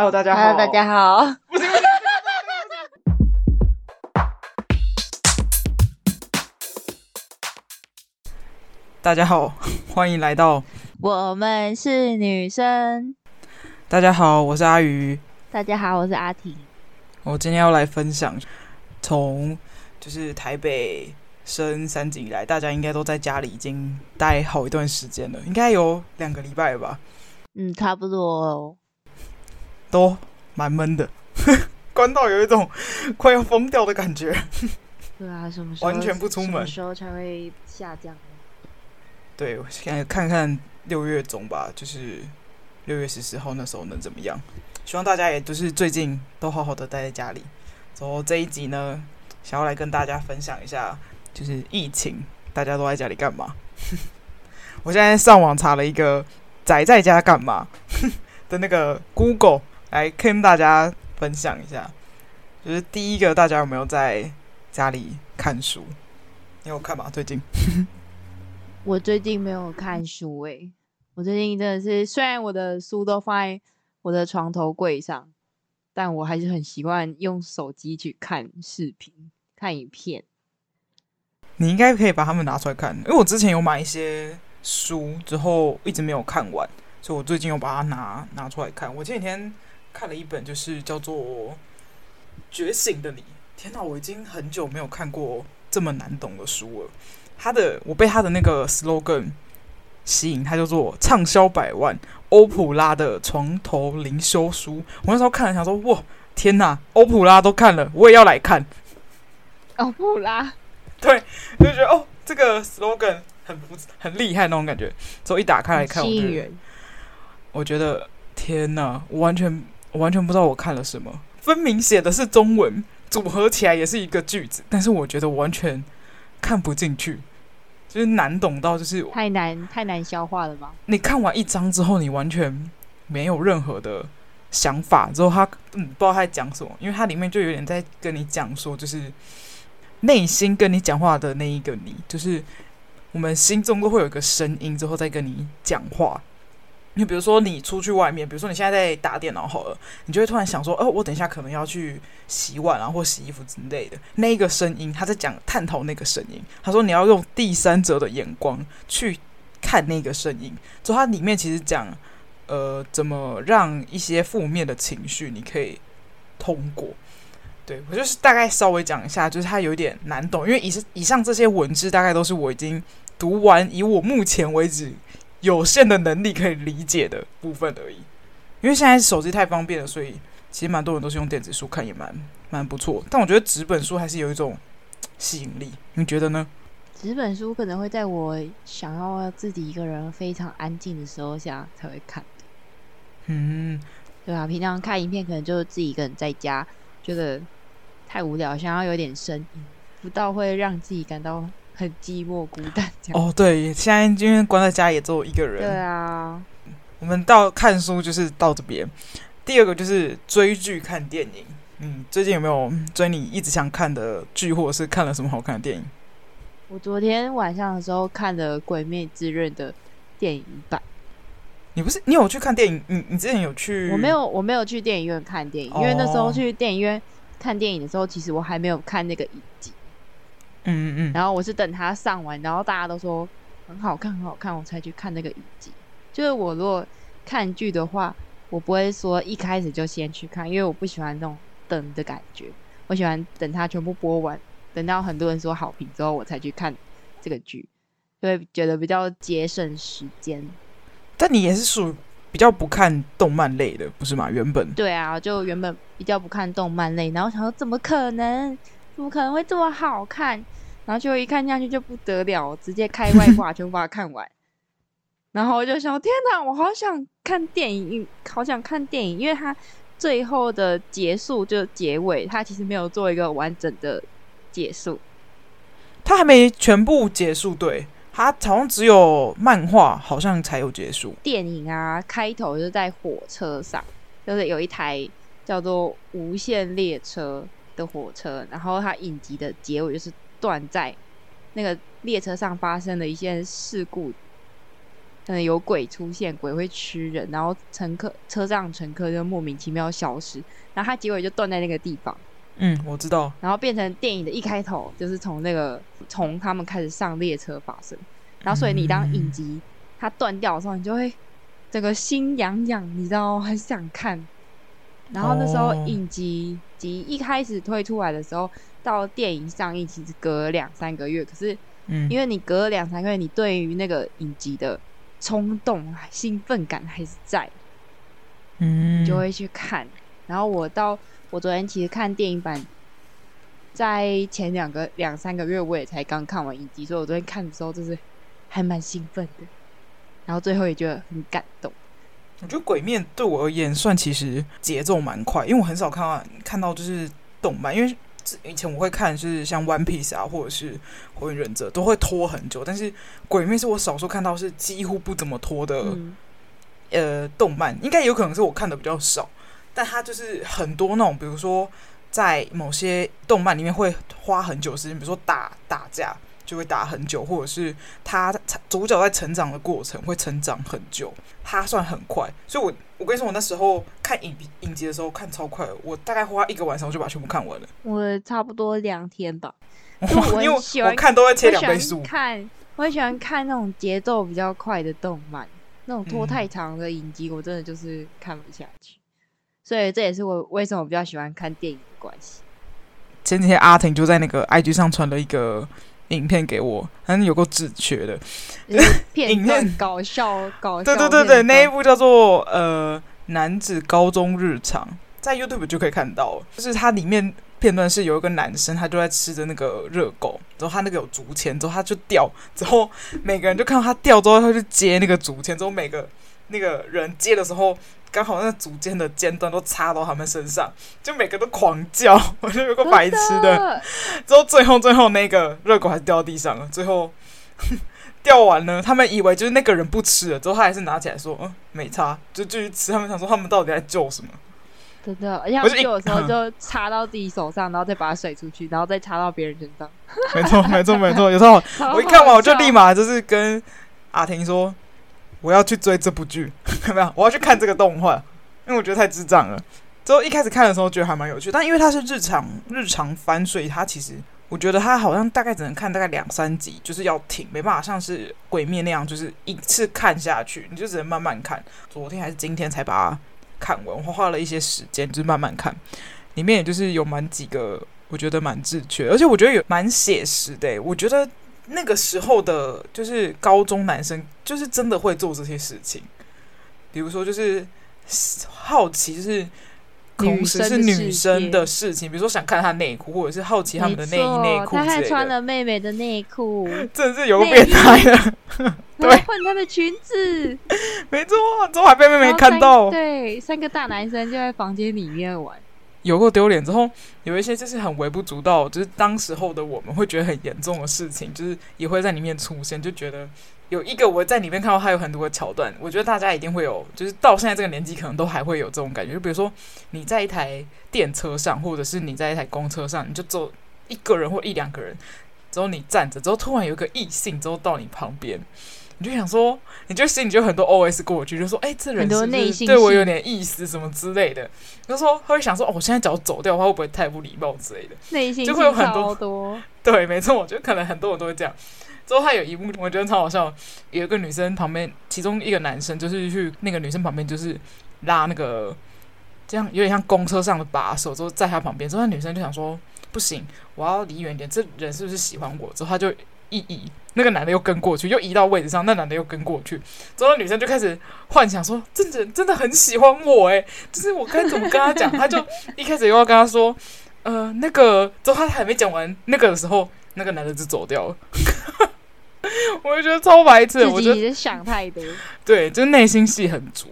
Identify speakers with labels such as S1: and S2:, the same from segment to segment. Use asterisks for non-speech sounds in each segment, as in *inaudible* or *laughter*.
S1: Hello，大家好。Hello，大家好。 *noise* 大家好，歡迎來到 *noise* 我們是女生。大家好，我是阿魚。
S2: 大家好，我是阿婷。
S1: 我今天要來分享，從就是台北升三級以來，大家應該都在家裡已經待好一段時間了，應該有兩個禮拜了吧？嗯，差不多。都蠻悶的， *laughs* 關到有一種快要瘋掉的感覺。 *laughs* 對啊，什麼時候完全不出門，什麼時候
S2: 才會下降？
S1: 對，現在看看六月中吧，就是六月十四號那時候能怎麼樣？希望大家也就是最近都好好的待在家裡。然後這一集呢，想要來跟大家分享一下，就是疫情，大家都在家裡幹嘛？ *laughs* 我現在上網查了一個宅在家幹嘛的，那個 Google。來，跟大家分享一下，就是第一個，大家有沒有在家裡看書？你有看嗎？最近？
S2: *laughs* 我最近沒有看書誒、欸，我最近真的是，雖然我的書都放在我的床頭櫃上，但我還是很習慣用手機去看視頻、看影
S1: 片。你應該可以把它們拿出來看，因為我之前有買一些書，之後一直沒有看完，所以我最近有把它拿拿出來看。我前幾天。看了一本就是叫做《覺醒的你》，天吶，我已經很久沒有看過這麼難懂的書了。他的，我被他的那個 slogan 吸引，他叫做《暢銷百萬歐普拉的床頭靈修書》。我那時候看了，想說：“哇，天吶，歐普拉都看了，我也要來看。”歐普拉，對，就覺得哦，這個 slogan 很不很厲害那種感覺。之後一打開來看，我覺我覺得天哪，我完全。我完全不知道我看了什麼，分明寫的是中文，組合起來也是一個句子，但是我覺得完全看不進去，就是難懂到就是
S2: 太難太難消化了吧？
S1: 你看完一章之後，你完全沒有任何的想法，之後他嗯不知道他講什麼，因為他裡面就有點在跟你講說，就是內心跟你講話的那一個你，就是我們心中都會有一個聲音，之後再跟你講話。你比如說，你出去外面，比如說你現在在打電腦好了，你就會突然想說，哦、呃，我等一下可能要去洗碗啊，或洗衣服之類的。那個聲音，他在講探討那個聲音，他說你要用第三者的眼光去看那個聲音，就它裡面其實講，呃，怎麼讓一些負面的情緒你可以通過。對，我就是大概稍微講一下，就是它有點難懂，因為以以上這些文字大概都是我已經讀完，以我目前為止，有限的能力可以理解的部分而已，因為現在手機太方便了，所以其實蠻多人都是用電子書看，也蠻蠻不錯。但我覺得紙本書還是有一種吸引力，你覺得呢？
S2: 紙本書可能會在我想要自己一個人非常安靜的時候下才會看。嗯，
S1: 對
S2: 啊，平常看影片可能就是自己一個人在家覺得太無聊，想要有點聲音，嗯，不到會讓自己感到。很寂寞孤單，
S1: 這樣哦。對，現在因為關在家裡也只有一個人。對啊，我們到看書就是到這邊。第二個就是追劇看電影。嗯，最近有沒有追你一直想看的劇，或者是看了什麼好看的電影？
S2: 我昨天晚上的時候看了《鬼滅之刃》的電影版。
S1: 你不是？你有去看電影？你你之前有去？我沒
S2: 有，我沒有去電影院看電影。哦，因為那時候去電影院看電影的時候，其實我還沒有看那個影集。嗯嗯嗯，然後我是等它上完，然後大家都說很好看很好看，我才去看那個影集。就是我如果看劇的話，我不會說一開始就先去看，因為我不喜歡那種等的感覺。我喜歡等它全部播完，等到很多人說好評之後，我才去看這個劇，就會覺得比較節省時
S1: 間。但你也是屬於比較不看動漫類的，不是嗎？原本
S2: 對啊，就原本比較不看動漫類，然後想說怎麼可能？怎麼可能會這麼好看？然後就一看下去就不得了，直接開外掛全部把它看完。 *laughs* 然後我就想，天哪，我好想看電影，好想看電影，因為它最後的結束就結尾，它其實沒有做一個完整的結束。
S1: 它還沒全部結束，對，它好像只有漫畫好像才有結束。電
S2: 影啊，開頭就是在火車上，就是有一台叫做“無限列車”的火車，然後它影集的結尾就是。斷在那個列車上發生的一些事故，嗯、可能有鬼出現，鬼會吃人，然後乘客、車上乘客就莫名其妙消失，然後它結尾就斷在那個地方。
S1: 嗯，我知道。
S2: 然後變成電影的一開頭就是從那個從他們開始上列車發生，然後所以你當影集嗯、它斷掉的時候，你就會整個心癢癢，你知道很想看。
S1: 然後那時候影
S2: 集集一開始推出來的時候，到電影上映其實隔了兩三個月，可是，嗯，因為你隔了兩三個月，嗯、你對於那個影集的衝動、興奮感還是在，嗯，就會去看。然後我到我昨天其實看電影版，在前兩個兩三個月我也才剛看完影集，所以我昨天看的時候就是還蠻興奮的，然後最後也覺得很感動。
S1: 我覺得《鬼面》對我而言算其實節奏蠻快，因為我很少看到看到就是動漫，因為。以前我會看就是像《One Piece》啊，或者是《火影忍者》，都會拖很久。但是《鬼滅》是我少數看到是幾乎不怎麼拖的，嗯、呃，動漫應該有可能是我看的比較少，但它就是很多那種，比如說在某些動漫裡面會花很久時間，比如說打打架。就會打很久，或者是他主角在成長的過程會成長很久，他算很快，所以我我跟你說，我那時候看影影集的時候看超快，我大概花一個晚上我就把全部看完了。
S2: 我差不多兩天吧，我因
S1: 為因為我看都會切兩倍速看。
S2: 我很喜歡看那種節奏比較快的動漫，那種拖太長的影集我真的就是看不下去。嗯，所以這也是我為什麼我比較喜歡看電影的關係。
S1: 前幾天阿婷就在那個 IG 上傳了一個。影片給我，反正有個字幕的
S2: 影、嗯、片段搞，搞笑搞笑。對對對對，對，那一部
S1: 叫做呃《男子高中日常》，在 YouTube 就可以看到，就是它裡面片段是有一個男生，他就在吃著那個熱狗，之後他那個有竹籤，之後他就掉，之後每個人就看到他掉之後，他就接那個竹籤，之後每個那個人接的時候。剛好那竹籤的尖端都插到他們身上，就每個都狂叫。我 *laughs* 就有個白痴的，的，之後最後最後那個熱狗還掉地上了，最後 *laughs* 掉完了，他們以為就是那個人不吃了，之後他還是拿起來說：“嗯，沒差，就繼續吃。”他們想說他們到底在做什麼？
S2: 對的，而且有時候就插到自己手上，然後再把它甩出去，然後再插到別人身上。
S1: 沒錯，沒錯， *laughs* 沒錯。有時候我，好好我一看完，我就立馬就是跟阿婷說。我要去追這部劇，有 *laughs* 沒有？我要去看這個動畫，因為我覺得太智障了。之後一開始看的時候覺得還蠻有趣，但因為它是日常日常番，所以它其實我覺得它好像大概只能看大概兩三集，就是要停，沒辦法像是鬼滅那樣，就是一次看下去，你就只能慢慢看。昨天還是今天才把它看完，我花了一些時間，就是慢慢看。裡面也就是有蠻幾個我覺得蠻智趣，而且我覺得有蠻寫實的，欸，我覺得。那個時候的，就是高中男生，就是真的會做這些事情，比如說就是好奇、就是，同時是女生的事情，事比如說想看她內褲，或者是好奇他們的內衣內褲，他還穿了
S2: 妹妹的內褲， *laughs* 真的是有個變態啊， *laughs* 對，我要換她的裙子，
S1: *laughs* 沒錯，昨晚被妹妹看到，
S2: 對，三個大男生就在房間
S1: 裡面玩。有過丟臉之後，有一些就是很微不足道，就是當時候的我們會覺得很嚴重的事情，就是也會在裡面出現，就覺得有一個我在裡面看到，還有很多的橋段，我覺得大家一定會有，就是到現在這個年紀，可能都還會有這種感覺。就比如說你在一台電車上，或者是你在一台公車上，你就走一個人或一兩個人，之後你站着，之後突然有一個異性，之後到你旁邊。你就想說，你就心裡就很多 O S 過去，就說：“哎、欸，這人是不是對我有點意思什麼之類的？”他說：“他會想說，哦、喔，我現在只要走掉的話，會不會太不禮貌之類的？”內心就會有很多。對，沒錯，我覺得可能很多人都會這樣。之後他有一幕，我覺得超好笑。有一個女生旁邊，其中一個男生就是去那個女生旁邊，就是拉那個，這樣有點像公車上的把手，就在他旁邊。之後那女生就想說：“不行，我要離遠點，這人是不是喜歡我？”之後他就。一移，那個男的又跟過去，又移到位置上。那個、男的又跟過去，之後女生就開始幻想說：“真的真的真的很喜歡我誒、欸，就是我該怎麼跟他講？” *laughs* 他就一開始又要跟他說：“呃，那個……”之後他還沒講完那個的時候，那個男的就走掉了。 *laughs* 我就覺得超白痴，我覺得想太多。對，就內心戲很足，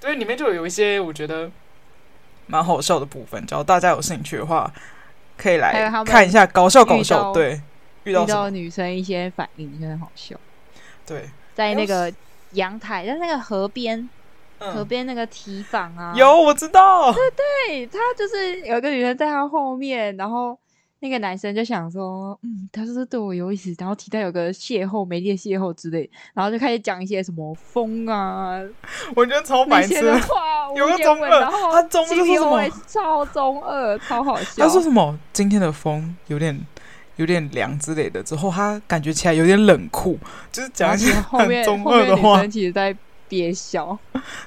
S1: 所以裡面就有一些我覺得蠻好笑的部分。只要大家有興趣的話，可以來看一下搞笑搞笑，對。遇到,遇到女
S2: 生一些反應真的好笑，
S1: 對，
S2: 在那個陽台，在那個河邊、嗯，河邊那個堤防啊，有我知道，對對，他就是有個女生在他後面，然後那個男生就想說，嗯，他說是對我有意思，然後提到有個邂逅，美麗的邂逅之類，然後就開始講一些什麼風啊，
S1: 我覺得超白痴，有個中二然後他中就是什麼
S2: 超中二，超好笑，他說什
S1: 麼今天的風有點。有點涼之類的，之後他感覺起來有點冷酷，就是講起後面，後面女生
S2: 其實在憋笑，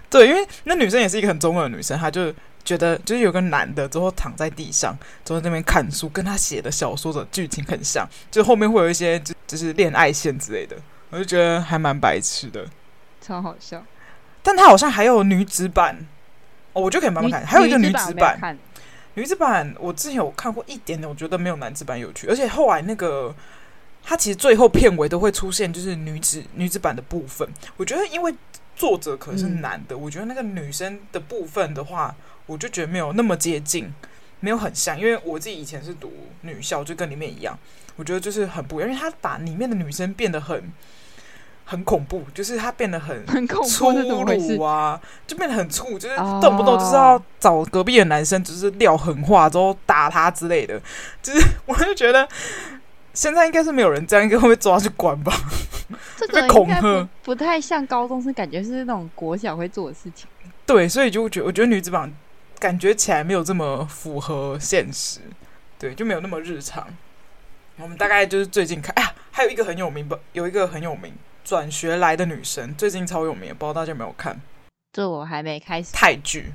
S1: 對，因為那女生也是一個很中二的女生，她就覺得就是有個男的之後躺在地上坐在那邊看書，跟他寫的小說的劇情很像，就後面會有一些就是戀愛線之類的，我就覺得還蠻白痴的，超好笑，但他好像還有女子版，哦，我就可以慢慢看，還有一個女子版。女子版我之前有看過一點點，我覺得沒有男子版有趣。而且後來那個，它其實最後片尾都會出現，就是女子女子版的部分。我覺得因為作者可能是男的，我覺得那個女生的部分的話，我就覺得沒有那麼接近，沒有很像。因為我自己以前是讀女校，就跟裡面一樣，我覺得就是很不一樣。因為他把裡面的女生變得很。很恐怖，就是他變得很粗魯啊，很恐怖是，就變得很粗，就是動不動就是要找隔壁的男生，就是撂狠話，之後打他之類的。就是我就覺得，現在應該是沒有人這樣，應該會被抓去管吧？
S2: 這個恐嚇不，不太像高中生，感覺是那種國小會做的事情。
S1: 對，所以就覺我覺得女子榜感覺起來沒有這麼符合現實，對，就沒有那麼日常。我們大概就是最近看，哎、啊、呀，還有一個很有名吧，有一個很有名。轉學來的女生最近超有名，不知道大家有沒有看？這我還沒開始。泰劇，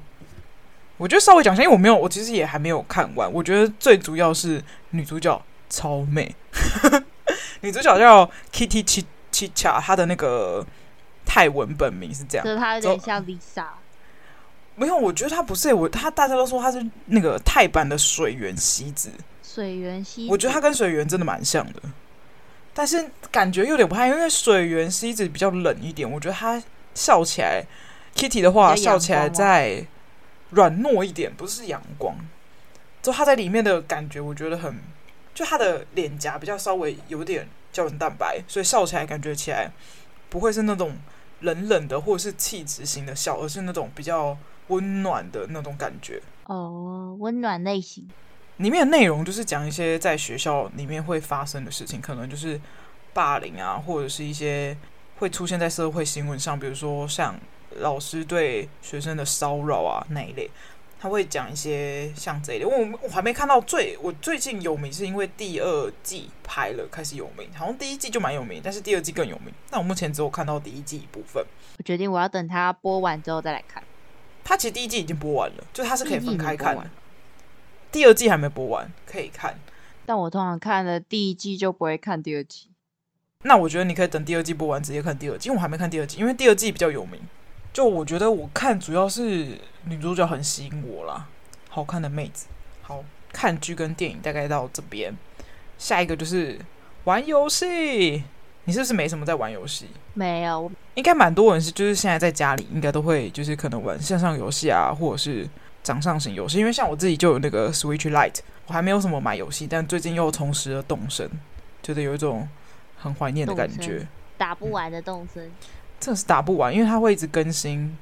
S1: 我覺得稍微講一下，因為我沒有，我其實也還沒有看完。我覺得最主要是女主角超美， *laughs* 女主角叫 Kitty Chicha，她的那個泰文本名是這樣的，她有
S2: 點像 Lisa、
S1: 呃。沒有，我覺得她不是我，她大家都說她是那個泰版的水原希子。
S2: 水原希子，我覺得她
S1: 跟水原真的蠻像的。但是感覺有點不太，因為水源是一直比較冷一點。我覺得他笑起來，Kitty 的話笑起來再軟糯一點，不是陽光。就他在裡面的感覺，我覺得很，就他的臉頰比較稍微有點膠原蛋白，所以笑起來感覺起來不會是那種冷冷的或者是氣質型的笑，而是那種比較溫暖的那種感覺。
S2: 哦，溫暖類型。
S1: 裡面的內容就是講一些在學校裡面會發生的事情，可能就是霸凌啊，或者是一些會出現在社會新聞上，比如說像老師對學生的騷擾啊那一類。他會講一些像這一類。我我還沒看到最我最近有名是因為第二季拍了開始有名，好像第一季就蠻有名，但是第二季更有名。那我目前只有看到第一季一部分，
S2: 我決定我要等他播完之後再來看。
S1: 他其實第一季已經播完了，就他是可以分開看。第二季還沒播完，可以看。
S2: 但我通常看了第一季就不會看第二季。
S1: 那我覺得你可以等第二季播完直接看第二季，因為我還沒看第二季，因為第二季比較有名。就我覺得我看主要是女主角很吸引我啦，好看的妹子，好，看劇跟電影大概到這邊。下一個就是玩遊戲，你是不是沒什麼在玩遊戲？沒有，應該蠻多人是，就是現在在家裡應該都會，就是可能玩線上遊戲啊，或者是。掌上型遊戲，因為像我自己就有那個 Switch Lite，我還沒有什麼買遊戲，但最近又重拾了動森，覺得有一種很懷念的感覺。
S2: 打不完的動森、嗯、
S1: 這是打不完，因為它會一直更新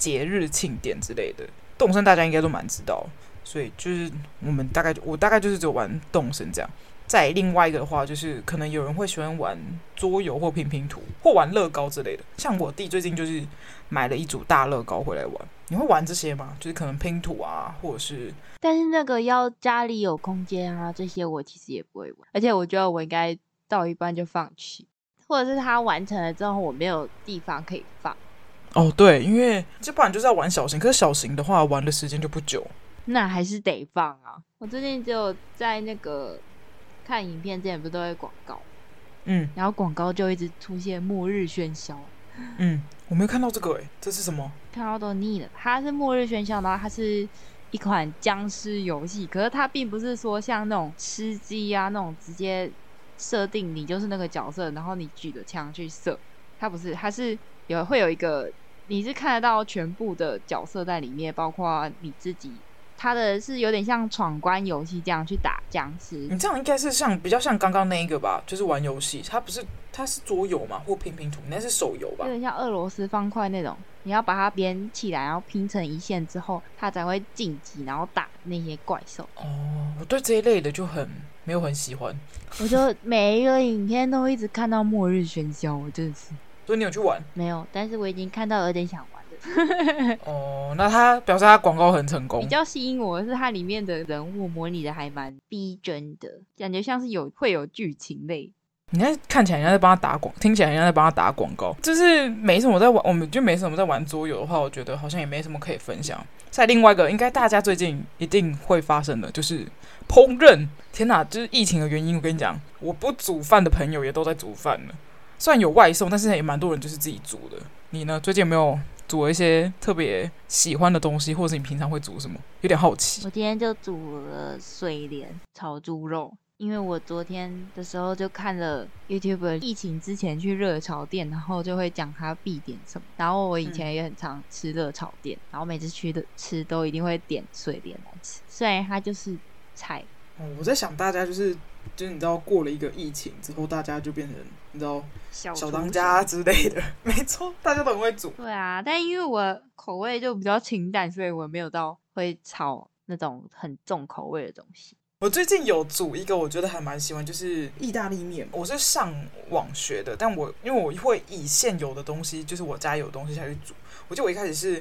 S1: 節日慶典之類的。動森大家應該都蠻知道，所以就是我們大概我大概就是只有玩動森這樣。再另外一個的話，就是可能有人會喜歡玩桌遊或拼拼圖或玩樂高之類的。像我弟最近就是買了一組大樂高回來玩。你會玩這些嗎？就是可能拼圖啊，或者是……
S2: 但是那個要家裡有空間啊，這些我其實也不會玩。而且我覺得我應該到一半就放棄，或者是它完成了之後我沒有地方可以
S1: 放。哦，對，因為要不然就是要玩小型，可是小型的話玩的時間就不久，
S2: 那還是得放啊。我最近只有在那個看影片之前不都會廣告？嗯，然後廣告就一直出現末日喧囂。
S1: 嗯，我沒有看到這個誒、欸，這是什麼？
S2: 看到都膩了。它是《末日喧囂》，然後它是一款殭屍遊戲，可是它並不是說像那種吃雞啊那種直接設定你就是那個角色，然後你舉着槍去射。它不是，它是有會有一個，你是看得到全部的角色在裡面，包括你自己。它的是有點像闖關遊戲這樣去打僵屍。你
S1: 這樣應該是像比較像剛剛那一個吧，就是玩遊戲，它不是，它是桌遊嘛，或拼拼圖，那是手遊
S2: 吧？有點像俄羅斯方塊那種，你要把它編起來，然後拼成一線之後，它才會晉級，然後
S1: 打那些怪獸。哦，我對這一類的就很沒有很喜歡。我就
S2: 每一個影片，都一直看到末日喧囂，我真的是。
S1: 所以你有去玩？
S2: 沒有，但是我已經看到有點想玩。 *laughs* 哦，那他表示他廣告很成功，比較吸引我的是它裡面的人物模擬的還蠻逼真的，感覺像是有會有劇
S1: 情類。你看，看起來人家在幫他打廣，聽起來人家在幫他打廣告，就是沒什麼在玩，我們就沒什麼在玩桌遊的話，我覺得好像也沒什麼可以分享，再另外一個，應該大家最近一定會發生的，就是烹飪。天吶，就是疫情的原因，我跟你講，我不煮飯的朋友也都在煮飯了，雖然有外送，但是也蠻多人就是自己煮的。你呢，最近有沒有？煮一些特別喜歡的東西，或者是你平常會煮什麼？有點好奇。
S2: 我今天就煮了水蓮炒豬肉，因為我昨天的時候就看了 YouTuber 疫情之前去熱炒店，然後就會講他必點什麼。然後我以前也很常吃熱炒店，然後每次去的吃都一定會點水蓮來吃，雖然它就是菜、
S1: 嗯。我在想大家就是。就是你知道過了一個疫情之後，大家就變成你知道小當家之類的，沒錯，大家都很會煮。
S2: 對啊，但因為我口味就比較清淡，所以我沒有到會炒那種很重口味的東西。
S1: 我最近有煮一個，我覺得還蠻喜歡，就是意大利麵。我是上網學的，但我因為我會以現有的東西，就是我家有的東西下去煮。我記得我一開始是，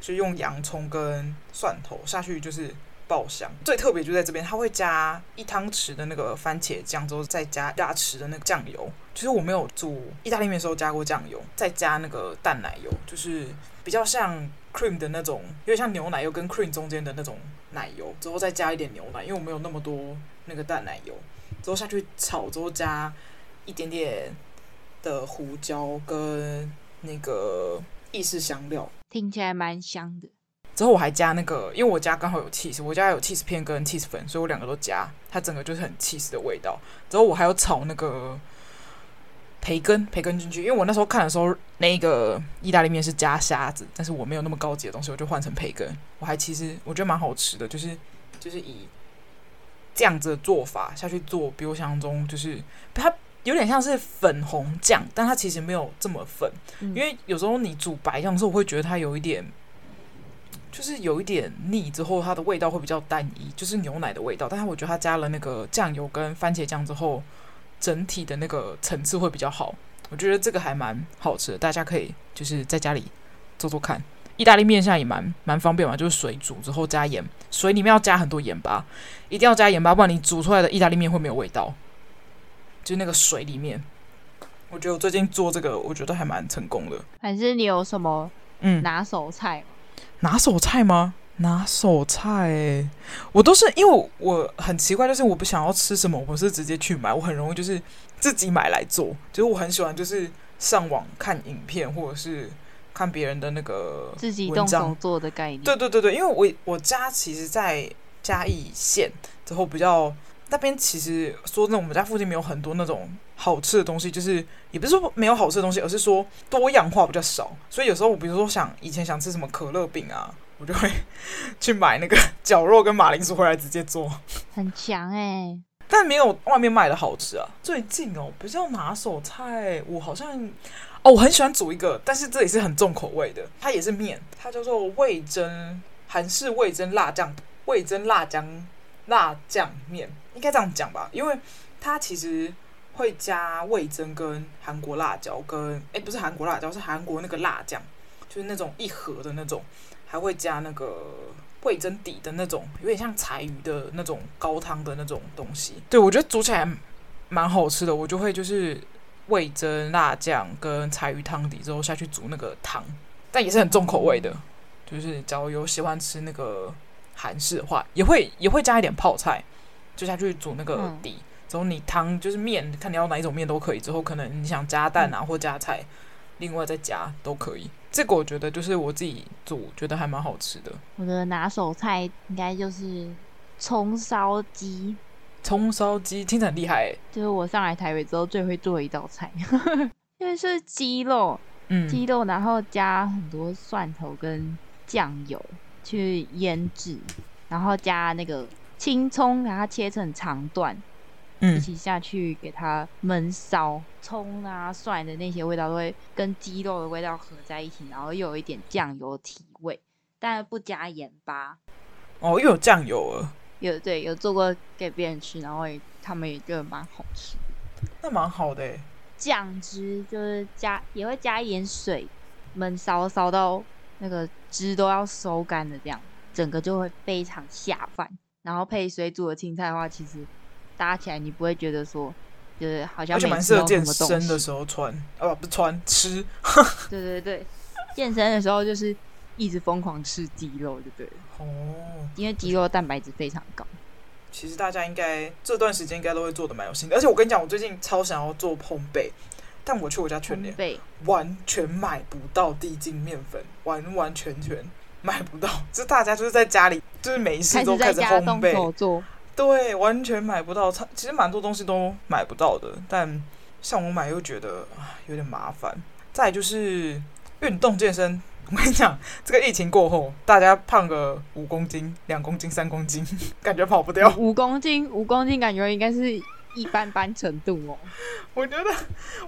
S1: 就是用洋蔥跟蒜頭下去，就是。爆香最特別就在這邊，他會加一湯匙的那個番茄醬，之後再加大匙的那個醬油。其實我沒有煮意大利麵的時候加過醬油，再加那個淡奶油，就是比較像 cream 的那種，有點像牛奶，又跟 cream 中間的那種奶油。之後再加一點牛奶，因為我沒有那麼多那個淡奶油。之後下去炒，之後加一點點的胡椒跟那個意式香料，
S2: 聽起來蠻香的。
S1: 之後我還加那個，因為我家剛好有 cheese，我家有 cheese 片跟 cheese 粉，所以我兩個都加，它整個就是很 cheese 的味道。之後我還要炒那個培根，培根進去。因為我那時候看的時候，那個意大利麵是加蝦子，但是我沒有那麼高級的東西，我就換成培根。我還其實我覺得蠻好吃的，就是就是以這樣子的做法下去做，比我想象中就是它有點像是粉紅醬，但它其實沒有這麼粉，嗯、因為有時候你煮白醬的時候，我會覺得它有一點。就是有一點膩，之後它的味道會比較單一，就是牛奶的味道。但是我覺得它加了那個醬油跟番茄醬之後，整體的那個層次會比較好。我覺得這個還蠻好吃的，大家可以就是在家裡做做看。意大利麵現在也蠻蠻方便嘛，就是水煮之後加鹽，水裡面要加很多鹽巴，一定要加鹽巴，不然你煮出來的意大利麵會沒有味道。就是，那個水裡面，我覺得我最近做這個，我覺得還蠻成功的。還是你
S2: 有什麼嗯拿手菜，嗯？
S1: 拿手菜嗎？拿手菜，欸，我都是因為我很奇怪，就是我不想要吃什麼，我是直接去買，我很容易就是自己買來做。就是我很喜歡就是上網看影片，或者是看別人的那個文章自己動手
S2: 做的概念。
S1: 對對對對，因為我我家其實，在嘉義縣之後比較那邊，其實說真的，我們家附近沒有很多那種。好吃的東西，就是也不是說沒有好吃的東西，而是說多樣化比較少。所以有時候我比如說想以前想吃什麼可樂餅啊，我就會去買那個絞肉跟馬鈴薯回來直接做。很強哎、欸，但沒有外面賣的好吃啊。最近哦，比較拿手菜我好像哦，我很喜歡煮一個，但是這也是很重口味的。它也是麵，它叫做味噌韓式味噌辣醬味噌辣醬辣醬麵，應該這樣講吧？因為它其實。會加味噌跟韓國辣椒跟，跟、欸、哎，不是韓國辣椒，是韓國那個辣醬，就是那種一盒的那種，還會加那個味噌底的那種，有點像柴魚的那種高湯的那種東西。對，我覺得煮起來蠻好吃的，我就會就是味噌辣醬跟柴魚湯底之後下去煮那個湯，但也是很重口味的。就是假如有喜歡吃那個韓式的話，也會也會加一點泡菜，就下去煮那個底。嗯之後你湯就是麵，看你要哪一種麵都可以。之後可能你想加蛋啊，嗯、或加菜，另外再加都可以。這個我覺得就是我自己煮，覺得還蠻好吃的。
S2: 我的拿手菜應該就是蔥燒雞。蔥燒雞聽起來厲害，就是我上來台北之後最會做一道菜， *laughs* 因為是雞肉，嗯、雞肉然後加很多蒜頭跟醬油去醃制，然後加那個青蔥，然後切成長段。一起下去給它悶燒蔥啊蒜的那些味道都會跟雞肉的味道合在一起，然後又有一點醬油的提味，但不加鹽巴。
S1: 哦，又有醬油啊？
S2: 有對，有做過給別人吃，然後他們也覺得蠻好吃。
S1: 那蠻好的、欸。
S2: 醬汁就是加，也會加一點水，悶燒燒到那個汁都要收乾的這樣，整個就會非常下飯。然後配水煮的青菜的話，其實。搭起來，你不會覺得說，就
S1: 是好像就蠻適合健身的時候穿，哦不穿，穿吃。 *laughs* 對對對，
S2: 健身的時候就是一直瘋狂吃雞肉，就對了。哦，因為雞肉的蛋白質非常高。
S1: 其實大家應該這段時間應該都會做的蠻有心得，而且我跟你講，我最近超想要做烘焙，但我去我家全聯完全買不到低筋麵粉，完完全全買不到。就大家就是在家裡就是每一次都開始烘焙做。對，完全買不到，其實蠻多東西都買不到的。但像我買又覺得有點麻煩。再就是運動健身，我跟你講，這個疫情過後，大家胖個五公斤、兩公斤、三公斤，感覺跑不掉。五
S2: 公斤，五公斤，感覺應該是。一般般程度哦，
S1: 我覺得，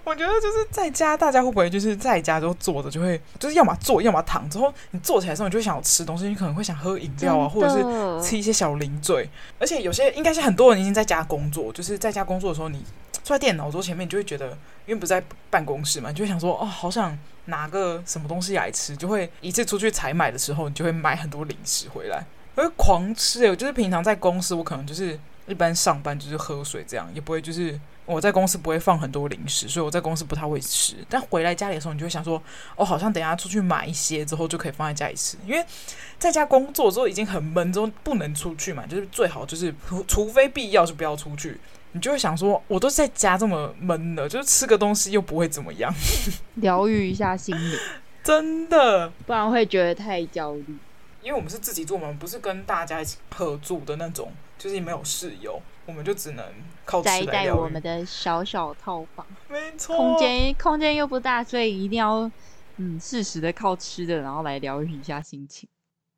S1: 我覺得就是在家，大家會不會就是在家都坐着，就會就是要麼坐，要麼躺，之後你坐起來的時候，你就會想要吃東西，你可能會想喝飲料啊，或者是吃一些小零嘴。而且有些應該是很多人已經在家工作，就是在家工作的時候你，你坐在電腦桌前面，就會覺得因為不在辦公室嘛，你就會想說哦，好想拿個什麼東西來吃，就會一次出去採買的時候，你就會買很多零食回來，會狂吃，欸。就是平常在公司，我可能就是。一般上班就是喝水，這樣也不會就是我在公司不會放很多零食，所以我在公司不太會吃。但回來家裡的時候，你就會想說，我、哦、好像等一下出去買一些之後就可以放在家裡吃。因為在家工作之後已經很悶，之後不能出去嘛，就是最好就是除非必要就不要出去。你就會想說，我都在家這麼悶了，就是吃個東西又不會怎麼樣，
S2: 療癒一下心理，
S1: *laughs* 真的，
S2: 不然會覺得太焦慮。
S1: 因為我們是自己做嘛，不是跟大家一起合住的那種。最近沒有室友，我們就只能靠吃來療癒。我們
S2: 的小小套房，沒錯，空間空間又不大，所以一定要嗯，適時的靠吃的，然後來療癒一下心情。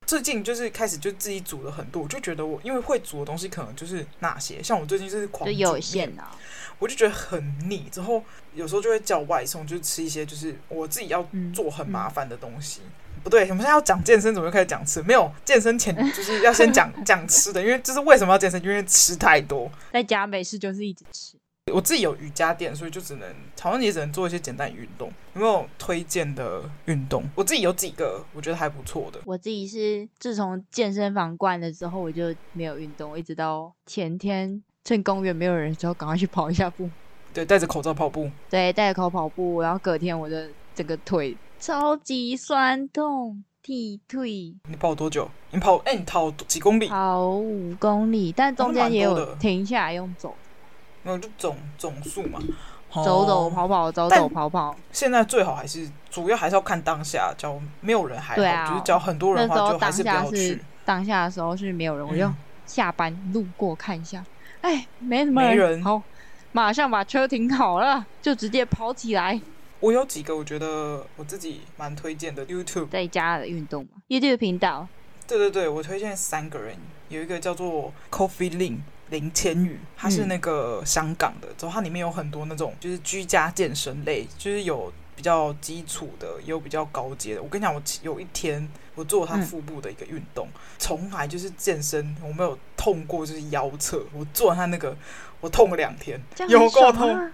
S1: 最近就是開始就自己煮了很多，我就覺得我因為會煮的東西可能就是那些，像我最近就是狂煮麵啊，我就覺得很膩。之後有時候就會叫外送，就吃一些就是我自己要做很麻煩的東西。嗯嗯不對，我們現在要講健身，怎麼又開始講吃？沒有，健身前就是要先講 *laughs* 講吃的，因為這是為什麼要健身，因為吃太多。在家
S2: 沒事就是一直吃。
S1: 我自己有瑜伽墊，所以就只能，好像也只能做一些簡單的運動。有沒有推薦的運動？我自己有幾個，我覺得還不錯的。
S2: 我自己是自從健身房關了之後，我就沒有運動，我一直到前天，趁公園沒有人之後，趕快去跑一下步。
S1: 對，戴着口罩跑步。
S2: 對，戴着口跑步，然後隔天我的整個腿。超級酸痛，踢腿。
S1: 你跑多久？你跑、欸、你跑幾公里？
S2: 跑五公里，但中間也有停下來用走。啊、
S1: 沒有就總總數嘛，哦、走走跑跑走走跑跑。現在最好還是主要還是要看當下，叫沒有人還好，對啊，就是叫很多人的話那時候當下是就還是不要
S2: 去。當下的時候是沒有人，我就下班路過看一下，嗯、哎，沒什麼人，好，馬上把車停好了，就直接跑起來。
S1: 我有幾個，我覺得我自己蠻推薦的。YouTube
S2: 在家的運動嘛，YouTube 頻道。
S1: 對對對，我推薦三個人，有一個叫做 Coffee 林林千羽、嗯，他是那個香港的，他裡面有很多那種就是居家健身類，就是有比較基礎的，也有比較高階的。我跟你講，我有一天我做他腹部的一個運動，從、嗯、來就是健身我沒有痛過，就是腰側，我做他那個我痛了兩天，啊、有過痛。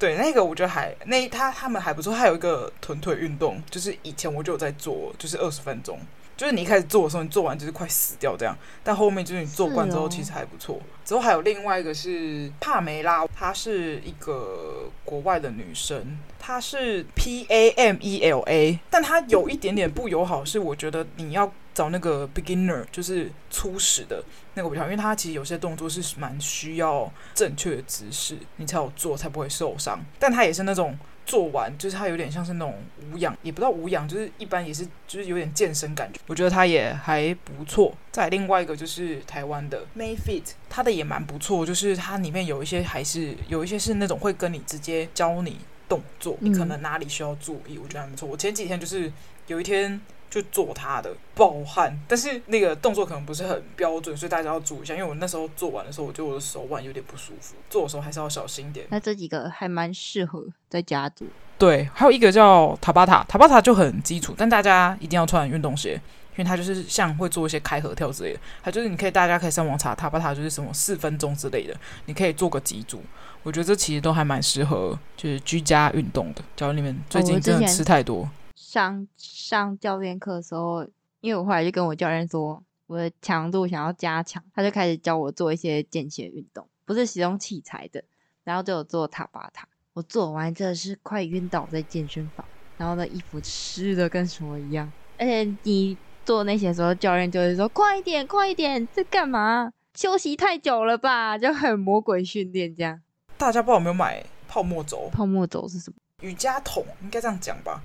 S1: 對那個，我覺得還那他他們還不錯，還有一個臀腿運動，就是以前我就有在做，就是二十分鐘。就是你一開始做的時候，你做完就是快死掉這樣，但後面就是你做慣之後其實還不錯，哦。之後還有另外一個是帕梅拉，她是一個國外的女生，她是 P A M E L A，但她有一點點不友好，是我覺得你要找那個 beginner，就是初始的那個比較好，因為她其實有些動作是蠻需要正確的姿勢，你才有做才不會受傷。但她也是那種。做完就是它有點像是那種無氧，也不知道無氧，就是一般也是就是有點健身感覺。我覺得它也還不錯。再另外一個就是台灣的 Mayfit，它的也蠻不錯，就是它裡面有一些還是有一些是那種會跟你直接教你動作，嗯、你可能哪裡需要注意，我覺得還不錯。我前幾天就是有一天。就做它的暴汗，但是那個動作可能不是很標準，所以大家要注意一下。因為我那時候做完的時候，我覺得我的手腕有點不舒服，做的時候還是要小心一點。那這幾
S2: 個還蠻適合在家做。
S1: 對，還有一個叫塔巴塔，塔巴塔就很基礎，但大家一定要穿運動鞋，因為它就是像會做一些開合跳之類的。它就是你可以大家可以上網查塔巴塔，就是什麼四分鐘之類的，你可以做個幾組。我覺得這其實都還蠻適合就是居家運動的。假如你們最近真的吃太多。哦
S2: 上上教練課的時候，因為我後來就跟我教練說我的強度想要加強，他就開始教我做一些間歇運動，不是使用器材的，然後就有做塔巴塔。我做完真的是快暈倒在健身房，然後那衣服濕的跟什麼一樣。而且你做那些時候，教練就會說：“快一點，快一點，在幹嘛？休息太久了吧？”就很魔鬼訓練這樣。
S1: 大家不知道有沒有買
S2: 泡沫軸？泡沫軸是什麼？
S1: 瑜伽桶應該這樣講吧。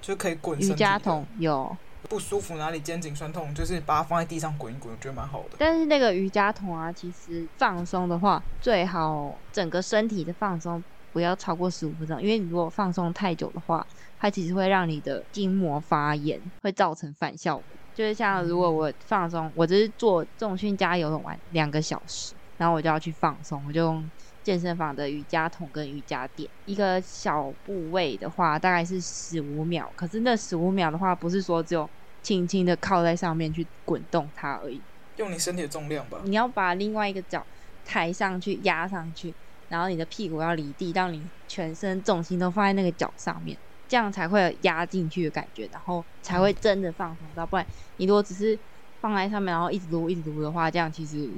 S1: 就可以滾瑜伽
S2: 筒，有
S1: 不舒服哪裡肩頸痠痛，就是把它放在地上滾一滾，我覺得蠻好的。
S2: 但是那個瑜伽筒啊，其實放鬆的話，最好整個身體的放鬆不要超過十五分鐘，因為如果放鬆太久的話，它其實會讓你的筋膜發炎，會造成反效果。就是像如果我放鬆，我就是做重訓加游泳完兩個小時，然後我就要去放鬆，我就。健身房的瑜伽筒跟瑜伽墊，一個小部位的話，大概是十五秒。可是那十五秒的話，不是說只有輕輕的靠在上面去滾動它而已，
S1: 用你身體的重
S2: 量吧。你要把另外一個腳抬上去壓上去，然後你的屁股要離地，讓你全身重心都放在那個腳上面，這樣才會有壓進去的感覺，然後才會真的放鬆到、嗯。不然你如果只是放在上面，然後一直擼一直擼的話，這樣其實。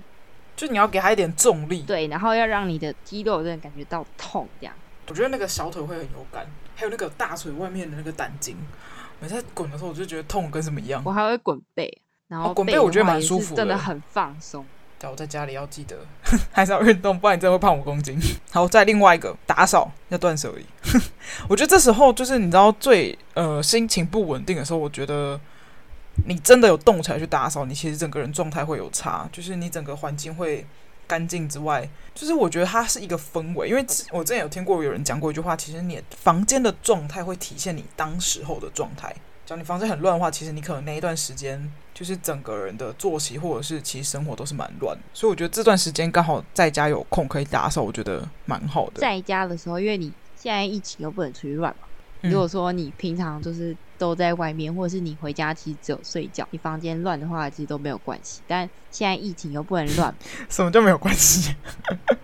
S2: 就你要給他一點重力，對，然後要讓你的肌肉真的感覺到痛，這樣。
S1: 我覺得那個小腿會很有感，還有那個大腿外面的那個膽經，每次滾的時候我就覺得痛跟什麼一樣。我還會滾背，然後滾背、哦、滾背我覺得蠻舒服，真的很放鬆。對，我在家裡要記得 *laughs* 還是要運動，不然你真的會胖五公斤。好，再另外一個打掃要斷捨離， *laughs* 我覺得這時候就是你知道最呃心情不穩定的時候，我覺得。你真的有動起來去打掃，你其實整個人狀態會有差，就是你整個環境會乾淨之外，就是我覺得它是一個氛圍。因為我之前有聽過有人講過一句話，其實你房間的狀態會體現你當時候的狀態。講你房間很亂的話，其實你可能那一段時間就是整個人的作息或者是其實生活都是蠻亂。所以我覺得這段時間剛好在家有空可以打掃，我覺得蠻好的。在家的
S2: 時候，因為你現在疫情又不能出去亂嘛。如果說你平常就是。都在外面，或者是你回家其實只有睡覺，你房間亂的話其實都沒有關係。但現在疫情又
S1: 不能亂， *laughs* 什麼就沒有關係？ *laughs*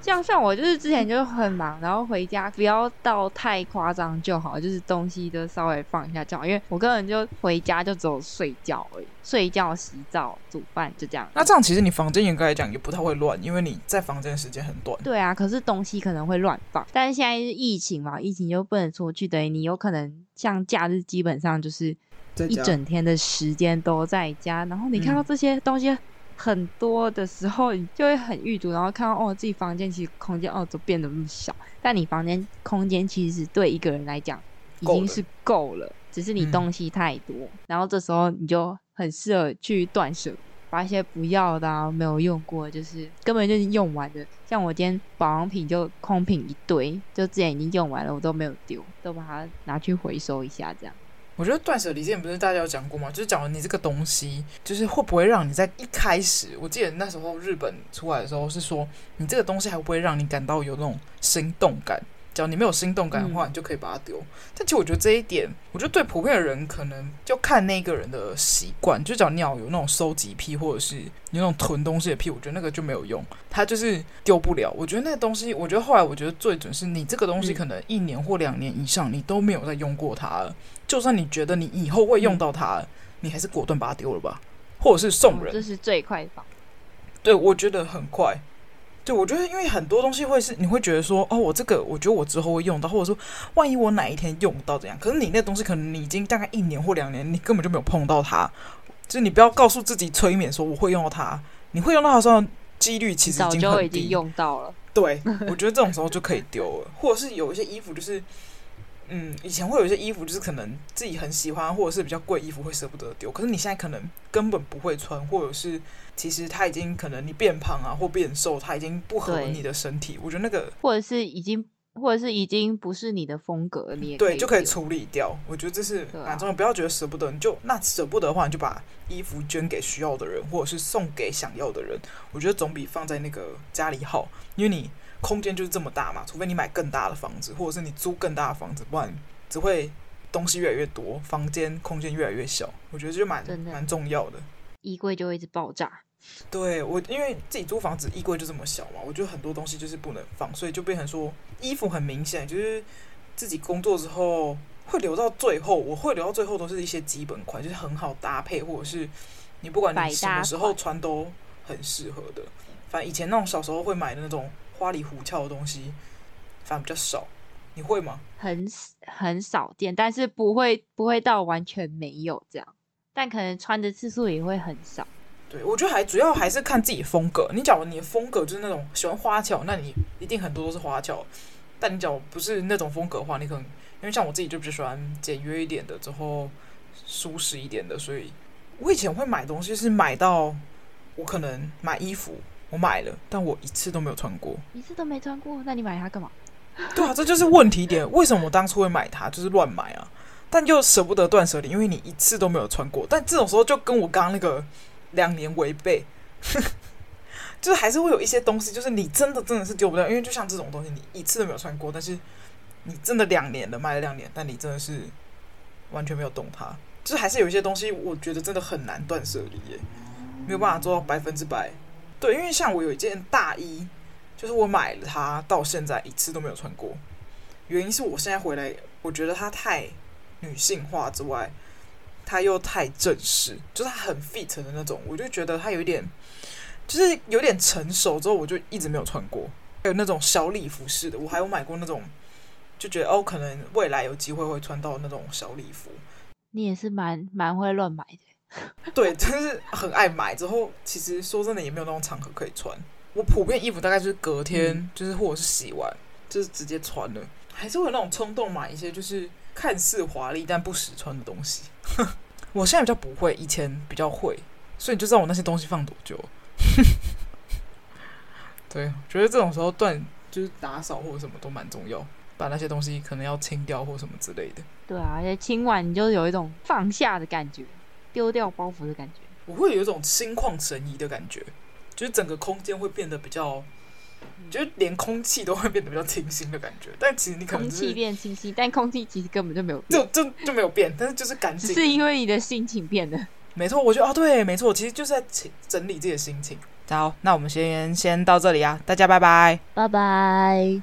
S2: 這樣，像我就是之前就很忙，然後回家不要到太誇張就好，就是東西都稍微放一下就好，因為我個人就回家就只有睡覺而已，睡覺、洗澡、煮飯就這樣。
S1: 那這樣其實你房間應該來講也不太會亂，因為你在房間的時間很短。
S2: 對啊，可是東西可能會亂放。但是現在是疫情嘛，疫情又不能出去，等於你有可能像假日基本上就是一整天的時間都在家，在家然後你看到這些東西。嗯很多的時候，你就會很鬱卒，然後看到哦，自己房間其實空間哦，都變得那麼小。但你房間空間其實對一個人來講已經是夠了，夠了只是你東西太多，嗯。然後這時候你就很適合去斷舍，把一些不要的，啊、沒有用過、就是根本就是用完的，像我今天保養品就空瓶一堆，就之前已經用完了，我都沒有丟，都把它拿去回收一下，這樣。
S1: 我覺得斷捨離之前不是大家有講過嗎？就是講了你這個東西，就是會不會讓你在一開始，我記得那時候日本出來的時候是說，你這個東西還會不會讓你感到有那種心動感？只要你沒有心動感的話，你就可以把它丟。嗯。但其實我覺得這一點，我覺得對普遍的人，可能就看那個人的習慣。就講你要有那種收集癖，或者是你那種囤東西的癖，我覺得那個就沒有用，它就是丟不了。我覺得那東西，我覺得後來我覺得最準是你這個東西可能一年或兩年以上你都沒有再用過它了。嗯、就算你覺得你以後會用到它、嗯，你還是果斷把它丟了吧，或者是送人，嗯、這
S2: 是最快法。
S1: 對，我覺得很快。對，我覺得因為很多東西會是，你會覺得說，哦，我這個，我覺得我之後會用到，或者說，萬一我哪一天用不到怎樣？可是你那東西，可能你已經大概一年或兩年，你根本就沒有碰到它。就你不要告訴自己催眠說我會用到它，你會用到的時候的幾率其實已經很低，早就已經用到了。對，我覺得這種時候就可以丟了， *laughs* 或者是有一些衣服就是。嗯，以前會有一些衣服，就是可能自己很喜歡，或者是比較貴衣服會捨不得丟。可是你現在可能根本不會穿，或者是其實它已經可能你變胖啊，或變瘦，它已經不合你的身體。我覺得那個，
S2: 或者是已經，或者是已經不是你的風格，你對就
S1: 可以處理掉。我覺得這是很重要的，啊啊、不要覺得捨不得，你就那捨不得的話，你就把衣服捐給需要的人，或者是送給想要的人。我覺得總比放在那個家裡好，因為你。空間就是這麼大嘛，除非你買更大的房子，或者是你租更大的房子，不然只會東西越來越多，房間空間越來越小。我覺得這就蠻蠻重要的，
S2: 衣櫃就會一直爆炸。
S1: 對我，因為自己租房子，衣櫃就這麼小嘛，我覺得很多東西就是不能放，所以就變成說，衣服很明顯就是自己工作之後會留到最後，我會留到最後都是一些基本款，就是很好搭配，或者是你不管你什麼時候穿都很適合的。反正以前那種小時候會買的那種。花裡胡哨的東西，反正比較少。你會嗎？
S2: 很很少見，但是不會不會到完全沒有這樣。但可能穿的次數也會很少。
S1: 對，我覺得還主要還是看自己風格。你講，你的風格就是那種喜歡花俏，那你一定很多都是花俏。但你講不是那種風格的話，你可能因為像我自己就比較喜歡簡約一點的，之後舒適一點的。所以，我以前會買東西是買到我可能買衣服。我買了，但我一次都沒有穿過，
S2: 一次都沒穿過，那你買它幹嘛？
S1: 對啊，這就是問題點。為什麼我當初會買它？就是亂買啊，但又捨不得斷捨離，因為你一次都沒有穿過。但這種時候就跟我剛剛那個兩年違背，呵呵，就是還是會有一些東西，就是你真的真的是丟不掉，因為就像這種東西，你一次都沒有穿過，但是你真的兩年了，買了兩年，但你真的是完全沒有動它，就是還是有一些東西，我覺得真的很難斷捨離耶，沒有辦法做到百分之百。對，因為像我有一件大衣，就是我買了它到現在一次都沒有穿過，原因是我現在回來，我覺得它太女性化之外，它又太正式，就是它很 fit 的那種，我就覺得它有一點，就是有點成熟之後，我就一直沒有穿過。還有那種小禮服式的，我還有買過那種，就覺得哦，可能未來有機會會穿到那種小禮服。
S2: 你也是蠻蠻會亂買的。
S1: *laughs* 對，真、就是很愛買。之後其實說真的，也沒有那種場合可以穿。我普遍衣服大概就是隔天，嗯、就是或者是洗完，就是直接穿了。還是會有那種衝動買一些，就是看似華麗但不實穿的東西。我現在比較不會，以前比較會，所以你就知道我那些東西放多久。 *laughs* 對，我覺得這種時候斷，就是打掃或者什麼都蠻重要，把那些東西可能要清掉或什麼之類的。
S2: 對啊，而且清完你就有一種放下的感覺。丟掉包袱的感覺，
S1: 我會有一種心曠神怡的感覺，就是整個空間會變得比較，就是連空氣都會變得比較清新的感覺。但其實你可能、就是、空氣變清晰，但空氣其實根本就沒有變，就就就沒有變， *laughs* 但是就是乾淨，是因為你的心情變了。沒錯，我覺得啊、哦，對，沒錯，其實就是在整理自己的心情。好，那我們先先到這裡啊，大家拜拜，拜拜。